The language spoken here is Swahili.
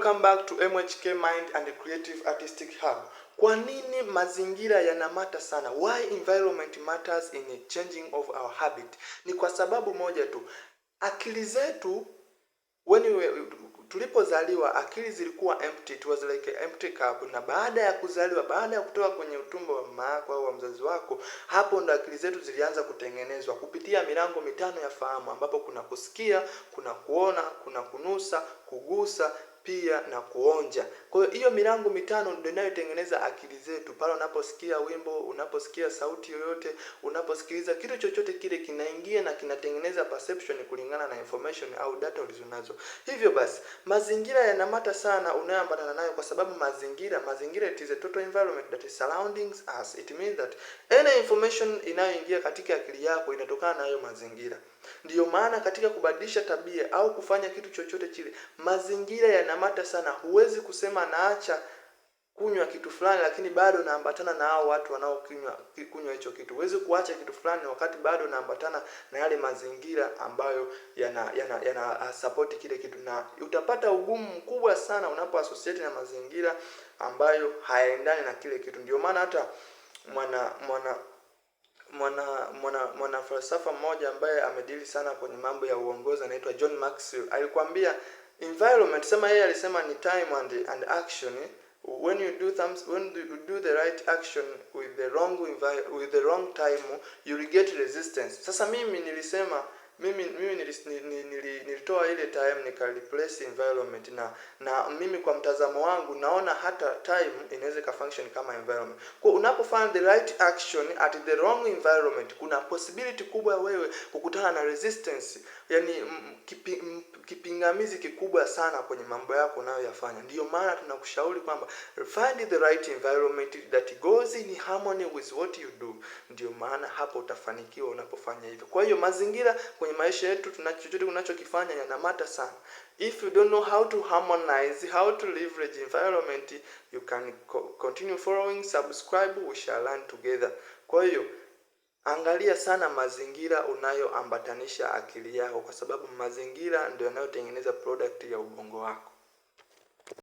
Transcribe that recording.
Welcome back to MHK Mind and Creative Artistic Hub. Kwa nini mazingira yanamata sana? Why environment matters in the changing of our habit? Ni kwa sababu moja tu. Akili zetu when we, tulipozaliwa akili zilikuwa empty, it was like an empty cup. Na baada ya kuzaliwa, baada ya kutoka kwenye utumbo wa mama yako au wa mzazi wako, hapo ndo akili zetu zilianza kutengenezwa kupitia milango mitano ya fahamu, ambapo kuna kusikia, kuna kuona, kuna kunusa, kugusa pia na kuonja kwa hiyo hiyo milango mitano ndio inayotengeneza akili zetu. Pale unaposikia wimbo, unaposikia sauti yoyote, unaposikiliza kitu chochote kile, kinaingia na kinatengeneza perception kulingana na information au data ulizonazo. Hivyo basi, mazingira yanamata sana unayoambatana nayo, kwa sababu mazingira, mazingira it is a total environment that is surroundings us. It means that any information inayoingia katika akili yako inatokana na hayo mazingira. Ndiyo maana katika kubadilisha tabia au kufanya kitu chochote kile, mazingira yanamata sana. Huwezi kusema kama naacha kunywa kitu fulani lakini bado naambatana na hao watu wanaokunywa kunywa hicho kitu. Huwezi kuacha kitu fulani wakati bado naambatana na yale mazingira ambayo yana yana, yana ah, support kile kitu, na utapata ugumu mkubwa sana unapo associate na mazingira ambayo hayaendani na kile kitu. Ndio maana hata mwana mwana mwana mwana mwana falsafa mmoja ambaye amedili sana kwenye mambo ya uongozi anaitwa John Maxwell alikwambia environment sema yeye alisema ni time and, and action when you do thumbs, when you do the right action with the wrong with the wrong time you will get resistance sasa mimi nilisema mimi mimi nilis, nil, nil, nilitoa ile time nika replace environment na na mimi kwa mtazamo wangu naona hata time inaweza ka function kama environment. Kwa unapofanya the right action at the wrong environment, kuna possibility kubwa wewe kukutana na resistance, yani kipingamizi kikubwa sana kwenye mambo yako unayoyafanya. Ndio maana tunakushauri kwamba find the right environment that goes in harmony with what you do. Ndio maana hapo utafanikiwa unapofanya hivyo. Kwa hiyo mazingira kwenye kwenye maisha yetu, tuna chochote tunachokifanya yanamata sana. If you don't know how to harmonize, how to leverage environment, you can co continue following, subscribe, we shall learn together. Kwa hiyo angalia sana mazingira unayoambatanisha akili yako, kwa sababu mazingira ndio yanayotengeneza product ya ubongo wako.